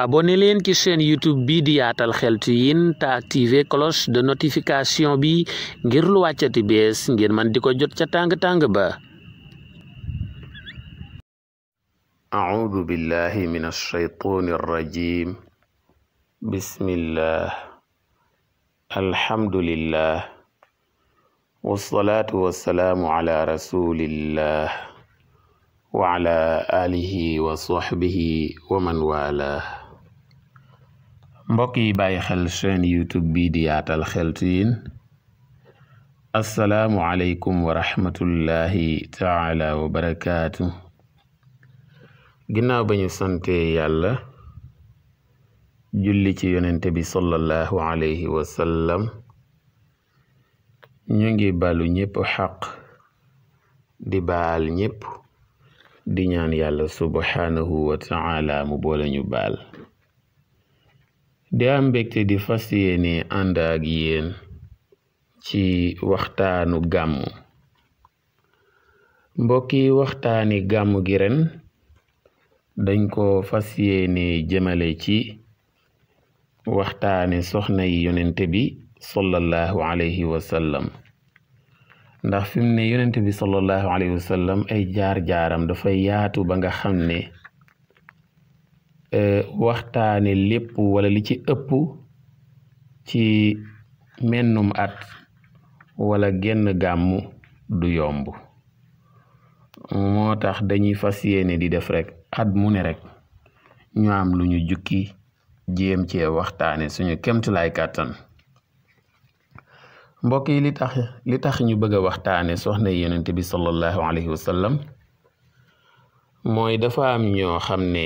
abonné leen ci chaîne youtube bi di yaatal xeltu cloche de notification bi ngir lu wàccati bees ngir man di ko jot ca tàng-tàng ba a'udhu billahi minash shaytani rrajim bismillah alhamdulillah wassalaamu ala rasulillah wa ala alihi wa sahbihi wa man walah mbokk yi bàyyi xel chaîne youtube bi di yaatal xeltu yin asalaamu aleykum wa rahmatullahi taala wa barakaatu ginnaaw ba ñu sante yàlla julli ci yonente bi sallallahu alayhi wa sallam ñu ngi balu ñépp xaq di baal ñépp di ñaan yàlla subhaanahu wa mu boole ñu baal di am di fas yéene ànd ak ci waxtaanu gàmmu mbokki waxtaani gàmmu gi ren dañ ko fas jëmale ci waxtaani soxna yi yonente bi sallallahu alayhi wa ndax fi mu ne bi sallallahu alayhi wa sallam ay jaar-jaaram dafay yaatu ba nga xam ne Euh, waxtaane lépp wala li ci ëpp ci mennum at wala genn gàmmu du yomb moo tax dañuy fas yéene di def rek at mu ne rek ñu am lu ñu jukki jéem cee waxtaane suñu kemtulaay kàttan mbokk yi li tax li tax ñu bëgg a waxtaane soxna yonent bi sallallahu alayhi wa mooy dafa ñoo xam ne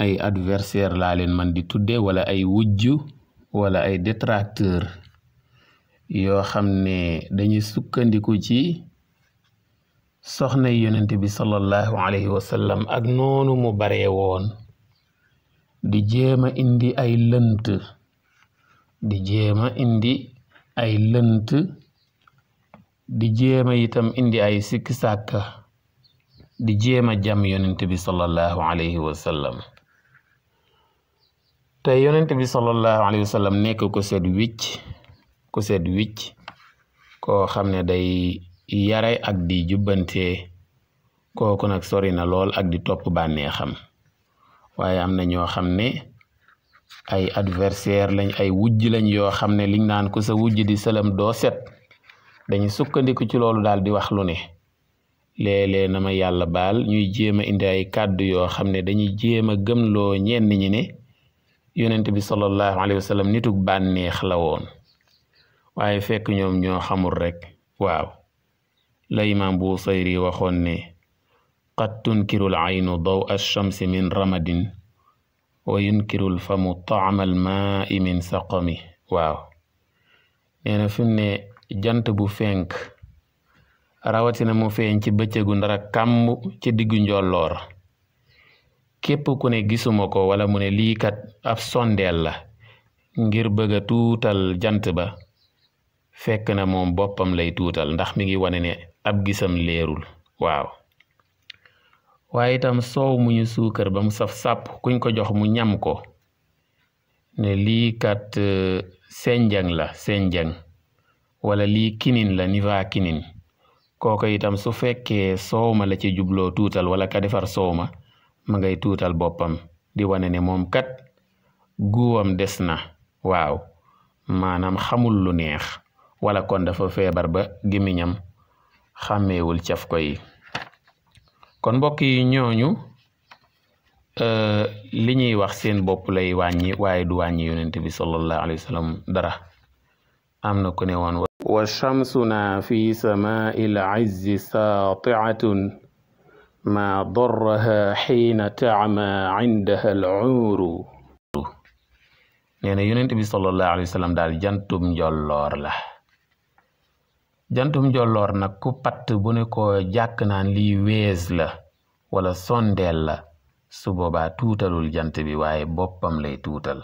ay adversaire laa leen man di tudde wala ay wujju wala ay détracteur yoo xam ne dañuy sukkandiku ci soxna yonent bi sallallahu alayhi wa ak noonu mu baree woon di jéema indi ay lënt di jéema indi ay lënt di jéema itam indi ay sikki di jéema jam yonent bi sallallahu alayhi wa sallam te yonent bi sallallahu alayhi wa sallam nekk ku seet wicc ku seet wicc koo xam ne day yare ak di jubbante kooku nag sori na lool ak di topp bànnee xam waaye am na ñoo xam ne ay adversaire lañ ay wujj lañ yoo xam ne liñ naan ku sa wujj di sëlam doo set dañu sukkandiku ci loolu daal di wax lu ne léeg-léeg na yàlla baal ñuy jéem a indi ay kàddu yoo xam ne dañuy jéem a gëmloo ñenn ñi ne yonent bi sallallahu alayhi wa sallam nitug bànneex la woon waaye fekk ñoom ñoo xamul rek waaw la imaam bu sayri waxoon ne qad tunkiru l aynu daw alchamsi min ramadin wa yunkiru l famu taama al maai min saqami waaw nee ne jant bu fenk rawatina mu feeñ ci bëccëgu ndara kàmb ci diggu njolloor képp ku ne gisuma ko wala mu ne lii kat ab sondeel la ngir bëgg a tuutal jant ba fekk na moom boppam lay tuutal ndax mi ngi wane ne ab gisam leerul waaw waaye itam soow mu ñu suukar ba mu saf sàpp kuñ ko jox mu ñam ko ne lii kat euh, senjang la senjang wala lii kinin la niva kinin kooku itam su fekkee soow ma la ci jublo tuutal wala ka defar soow ma ma ngay tuutal boppam di wane ne moom kat guwam des na waaw maanaam xamul lu neex wala kon dafa feebar ba gémmiñam xàmmeewul caf ko yi kon mbokk yi ñooñu euh, li ñuy wax seen bopp lay wàññi waaye du wàññi yonent bi sallallahu alayhi wa dara am na wa shamsuna fi samaa'il izzi saati'atun ما ضرها حين تعمى عندها العور bi sallallahu alayhi wa sallam daal jantum njolloor la jantum njolloor nag ku patt bu ne ko jàkk naan lii wees la wala sondel la su boobaa tuutalul jant bi waaye boppam lay tuutal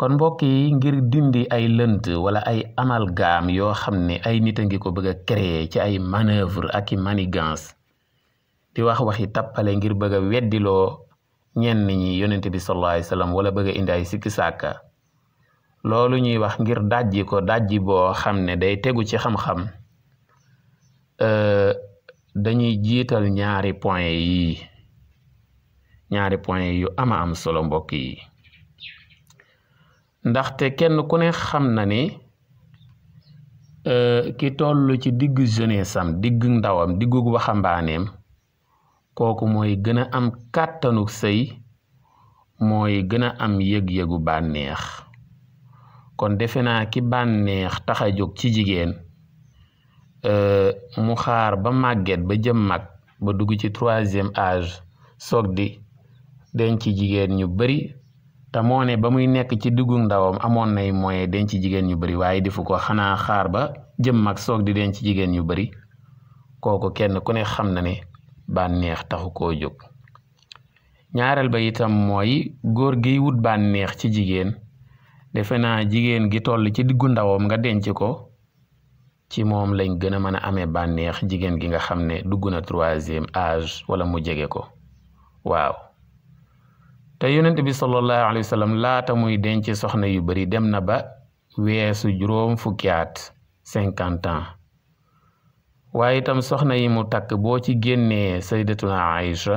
kon mbokk yi ngir dindi ay lënt wala ay amalgame yoo xam ni ay nit a ngi ko bëgg a ci ay manœuvre ak i manigance di wax waxi tappale ngir bëgg a weddiloo ñenn ñi yonent bi sallallahu alayhi wala bëgg indi ay sikki sàkka loolu ñuy wax ngir dajji ko dajji boo xam ne day tegu ci xam-xam dañuy jiital ñaari point yi ñaari point yu ama am solo mbokk yi ndaxte kenn ku ne xam na ni ki tollu ci diggu jeunesse digg diggu ndawam diggu waxambaaneem kooku mooy gën a am kàttanu sëy mooy gën a am yëg-yëgu bànneex kon defe naa ki bànneex tax jóg ci jigéen euh, mu xaar ba màgget ba jëm mag ba dugg ci troisième âge soog di denc jigéen ñu bari te moo ba muy nekk ci duggu ndawam amoon nay moyen denc jigéen ñu bari waaye defu ko xanaa xaar ba jëm mag soog di denc jigéen ñu bari kooku kenn ku ne xam na ne bànneex taxu ko jóg ñaareel ba itam mooy góor gi wut bànneex ci jigéen defe naa jigéen gi toll ci diggu ndawam nga denc ko ci moom lañ gën a mën a amee bànneex jigéen gi nga xam ne dugg na troisième âge wala mu jege ko waaw te yonent bi sallallahu alayhi wa laata muy denc soxna yu bari dem na ba weesu juróom fukki at cinquante ans waaye itam soxna yi mu takk boo ci génnee saydatuna Aïcha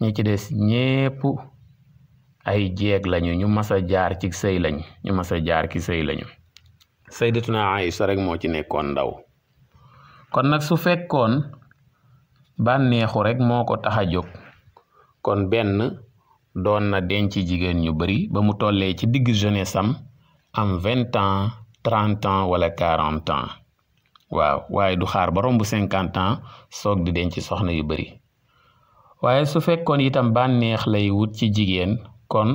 ñi ci des ñépp ay jeeg lañu ñu mas a jaar ci sëy lañ ñu mas a jaar ci sëy lañu saydatuna Aïcha rek moo ci nekkoon ndaw kon nag su fekkoon bànneexu rek moo ko tax a jóg kon benn doon na denc jigéen ñu bari ba mu tollee ci digg jeunesse sam am vingt ans trente ans wala quarante ans waaw waaye du xaar ba romb cinquante ans soog di denc soxna yu bari waaye su fekkoon itam bànneex lay wut ci jigéen kon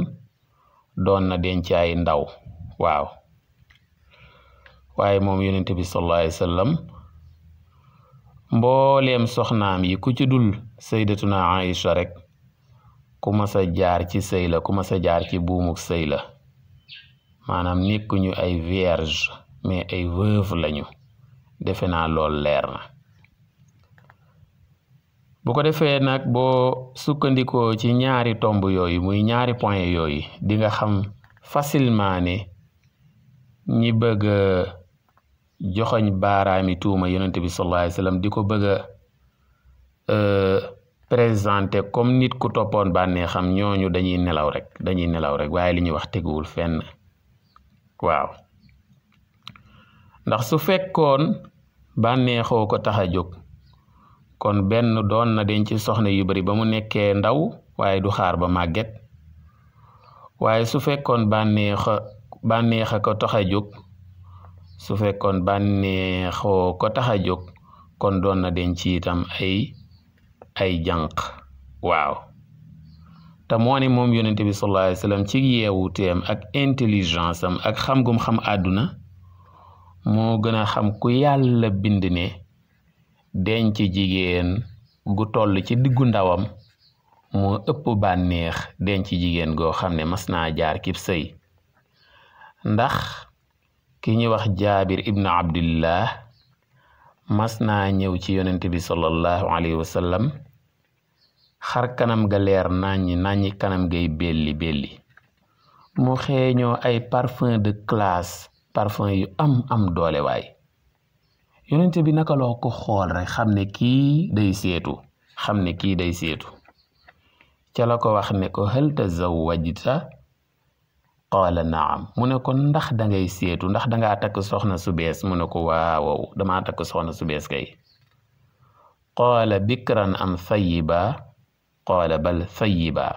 doon na denc ay ndaw waaw waaye moom yonent bi sallallahu alayhi mbooleem soxnaam yi ku ci dul saydatuna Aïcha rek ku mas a jaar ci sëyla ku mas a jaar ci buumuk sëy la maanaam nekkuñu ay vierge mais ay veuve lañu defe naa lool leer na bu ko defee nag boo sukkandikoo ci ñaari tomb yooyu muy ñaari point yooyu di xam facilement ne ñi bëgg a joxoñ baaraami tuuma yonent bi sallallahu alayhi wasallam di ko bëgg a euh, présenté comme nit ku toppoon bànnee xam ñooñu dañuy nelaw rek dañuy nelaw rek waaye li ñuy wax teguwul fenn ndax su fekkoon bànneexoo ko tax a jóg kon benn doon na denc soxna yu bari ba mu nekkee ndaw waaye du xaar ba màgget waaye su fekkoon bànneexa ko tax a jóg su fekkoon bànneexoo ko tax a jóg kon doon na denc itam ay ay jànq waaw te moone moom yonente bi sallallahu alayhi ci yeewu ak intelligence am ak xam gum xam àdduna moo gën a xam ku yàlla bind ne denc jigéen gu toll ci diggu ndawam moo ëpp bànneex denc jigéen goo xam ne mas naa jaar kib sëy ndax ki ñuy wax jabir ibnu abdillah mas naa ñëw ci yonent bi sallallahu alayhi wa xar kanam ga leer naññi naññi kanam gay belli belli mu xeeñoo ay parfum de classe parfum yu am am doole waay yonent bi naka loo ko xool rek xam ne kii day seetu xam ne kii day seetu ca la ko wax ne ko hal tazawwajta qaala naam mu ne ko ndax dangay seetu ndax dangaa takk soxna su bees mu ne ko waawo damaa takk soxna su bees kay qaala bikran am thayiba qaala bal thayiba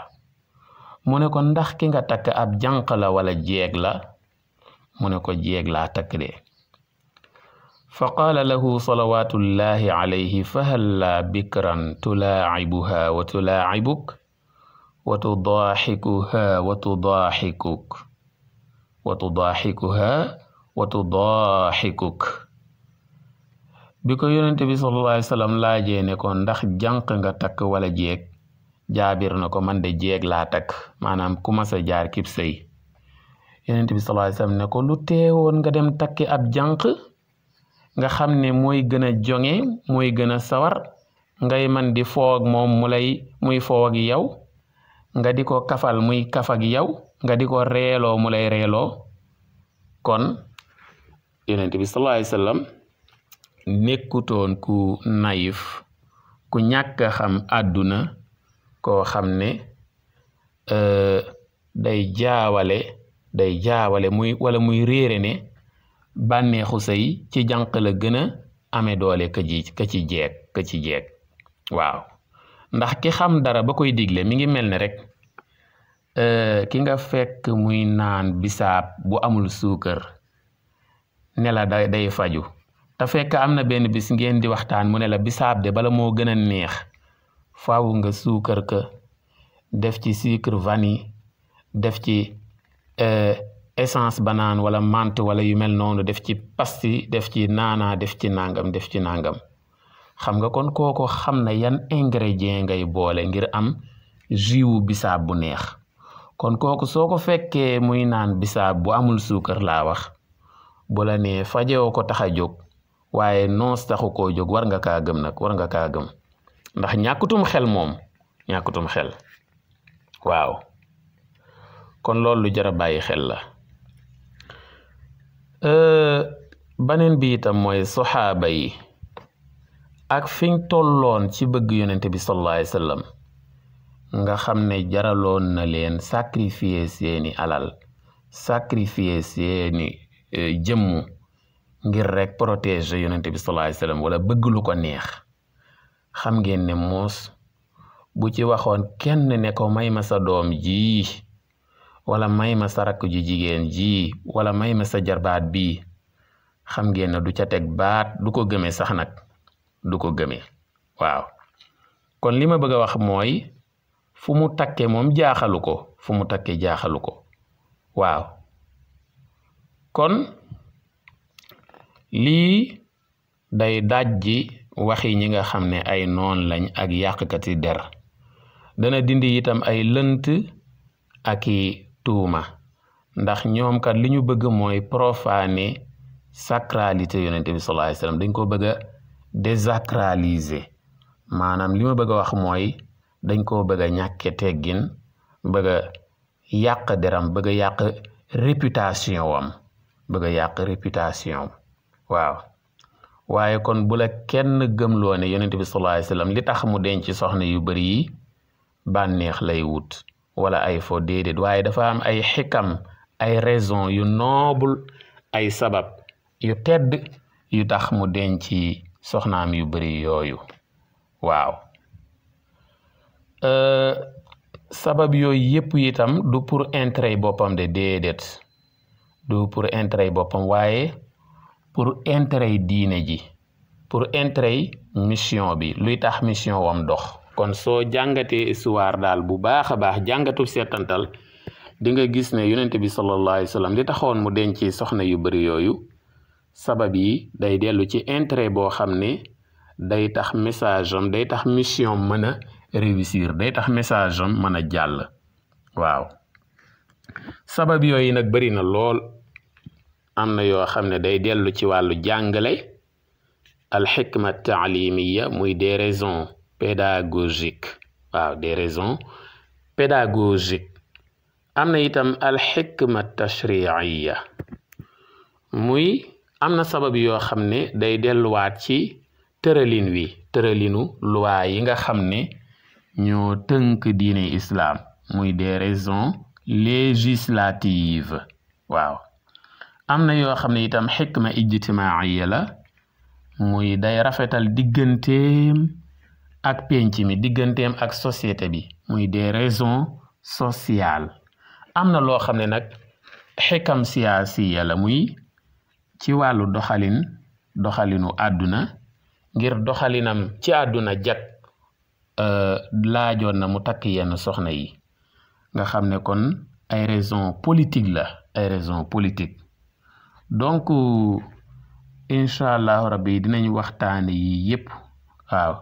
mu ne ko ndax ki nga takk ab jànq la wala jeeg la mu ne ko jeeg laa takk de fa qaala lahu salawatullahi alayhi fahallaa bikran tulaacibuha wa tulaacibuk wa tudaaxikuha wa tudaaxikuk wa tudaaxikuha wa tudaaxikuk bi ko yonente bi sallallahu alayhi wasallam ko ndax jànq nga takk wala jeeg jabir na ko man de jeeg laa takk maanaam ku mas jaar kib sëy yonent bi sallallahu ne ko lu teewoon nga dem takki ab jànq nga xam ne mooy gën a joŋe mooy gën a sawar ngay man di foo moom mu lay muy foo ak yow nga di ko kafal muy kafag ak yow nga di ko reeloo mu lay reeloo kon yonent bi sallallahu alayhi nekkutoon ku nayif ku ñàkk xam àdduna koo xam ne euh, day jaawale day jaawale muy wala muy réere ne bànneexu sëy ci jànq la gën a amee doole ka ci ka ci jeeg ka ci jeeg waaw ndax ki xam dara ba koy digle mi ngi mel ne rek euh, ki nga fekk muy naan bisaab bu amul suukar ne la day day faju te fekk am na benn bis ngeen di waxtaan mu ne la bisaab de bala moo gën a neex faaw nga suukar ka def ci sucre vanille def ci Euh, essence banaan wala mante wala yu mel noonu def ci pasti def ci naanaa def ci nangam def ci nangam xam nga kon kooko xam na yan ingrédient ngay boole ngir am jus bisaab bu neex kon kooku soo ko fekkee muy naan bisaab bu amul suukar laa wax bu la nee fajoo ko tax a jóg waaye noos taxu koo jóg war nga kaa gëm nag war nga kaa gëm ndax ñàkkutum xel moom ñàkkutum xel waaw kon loolu lu jar a bàyyi xel la euh, baneen bi itam mooy soxaaba yi ak fiñ tolloon ci bëgg yonente bi sallallahu alayhi nga xam ne jaraloon na leen sacrifier seeni alal sacrifier seeni euh, jëmm ngir rek protéger yonente bi sallallahu alayhi wala bëgg lu ko neex xam ngeen ne moos bu ci waxoon kenn ne ko may ma sa doom ji wala may ma sa ji jigéen ji wala may ma sa jarbaat bii xam ngeen du ca teg baat du ko gëme sax nag du ko gëme waaw kon li ma bëgg wax mooy fu mu takke moom jaaxalu ko fu mu takke jaaxalu ko waaw kon lii day dajji waxi ñi nga xam ne ay noon lañ ak yàqkati der dana dindi itam ay lënt ak tuuma ndax ñoom kat li ñu bëgg mooy profaner sacralité yonente bi sallallahu alayhi wasallam dañ ko bëgg a désacraliser maanaam li ma bëgg a wax mooy dañ koo bëgg a ñàkke teggin bëgg a yàq deram bëgg a yàq réputation wam bëgg a yàq réputation waaw waaye kon bu la kenn gëmloo ne yonente bi sallallahu alayhi li tax mu denc soxna yu bari yi bànneex lay wut wala ay fo déedéet waaye dafa am ay xikam ay raison yu noble ay sabab yu tedd yu tax mu denc soxnaam yu bari yooyu waaw euh, sabab yooyu yépp yitam du pour intérêt boppam de déedéet du pour intérêt boppam waaye pour intérêt diine ji pour intérêt mission bi luy tax mission wam dox kon soo jàngatee histoire daal bu baax a baax jàngatu seetantal di nga gis ne yonent bi sallallahu alayhi wa li taxoon mu denc soxna yu bari yooyu sabab yi day dellu ci intérêt boo xam ne day tax message am day tax mission mën a réussir day tax message am mën a jàll waaw sabab yooyu nag bari na lool am na yoo xam ne day dellu ci wàllu jàngale al xikma taalimiya muy des raisons pédagogique waaw des raisons pédagogiques am na itam alxikma tashriiya muy am na sabab yoo xam ne day delluwaat ci tëralin wi tëralinu luwaa yi nga xam ne ñu tënk diine islaam muy des raisons législatives waaw am na yoo xam ne itam xikma ijtimaaiya la muy day rafetal digganteem ak penc mi digganteem ak société bi muy de raisons sociales am na loo xam ne nag xikam siyaasiya la muy ci wàllu doxalin doxalinu àdduna ngir doxalinam ci àdduna jag euh, laajoon na mu takk yenn soxna yi nga xam ne kon ay raisons politiques la ay raisons politique donc euh, incha allahu rabbi dinañ waxtaane yi yépp waaw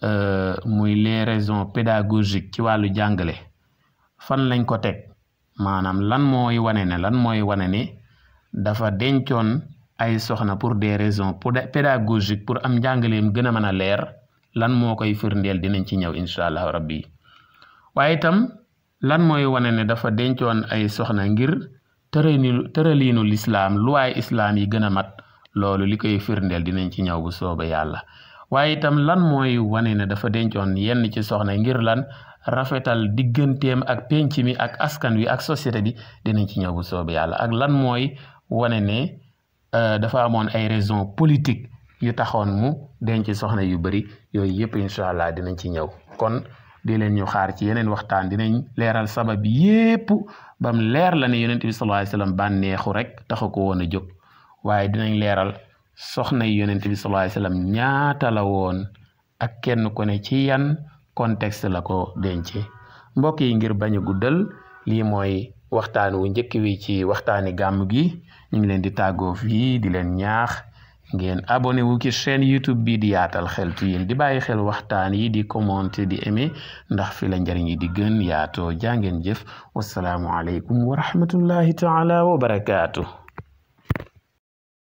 Euh, muy les raisons pédagogiques ci wàllu jàngale fan lañ ko teg maanaam lan mooy wane ne lan mooy wane ne dafa dencoon ay soxna pour des raisons pédagogiques pour am njàngaleem gën a mën a leer lan moo koy firndeel dinañ ci ñëw incha allah rabbi waaye itam lan mooy wane ne dafa dencoon ay soxna ngir tëralinu tëraliinu lislaam luwaay islaam yi gën a mat loolu li koy firndeel dinañ ci ñëw bu soobe yàlla waaye itam lan mooy wane ne dafa dencoon yenn ci soxna ngir lan rafetal digganteem ak penc mi ak askan wi ak société bi dinañ ci ñëw bu soobee yàlla ak lan mooy wane ne euh, dafa amoon ay raisons politiques yu taxoon mu denc soxna yu bëri yooyu yëpp incha allah dinañ ci ñëw kon di leen ñu xaar ci yeneen waxtaan dinañ leeral sabab yépp bam leer la ne yonent bi sallallahu alayhi wasallam bànneexu rek taxu ko woon a jóg waaye dinañ leeral. soxna yi yonent bi sallallahu alayhi wasallam ñaata la woon ak kenn ku ne ci yan contexte la ko dencee mbokk yi ngir bañ a guddal lii mooy waxtaan wu njëkk wi ci waxtaani gàmm gi ñu ngi leen di tàggoo fii di leen ñaax ngeen abonné wu ci chaîne YouTube bi di yaatal xeltu yéen di bàyyi xel waxtaan yi di commenter di aimer ndax fi la njariñ yi di gën yaatoo jàngeen jëf wasalaamu aleykum wa taala wa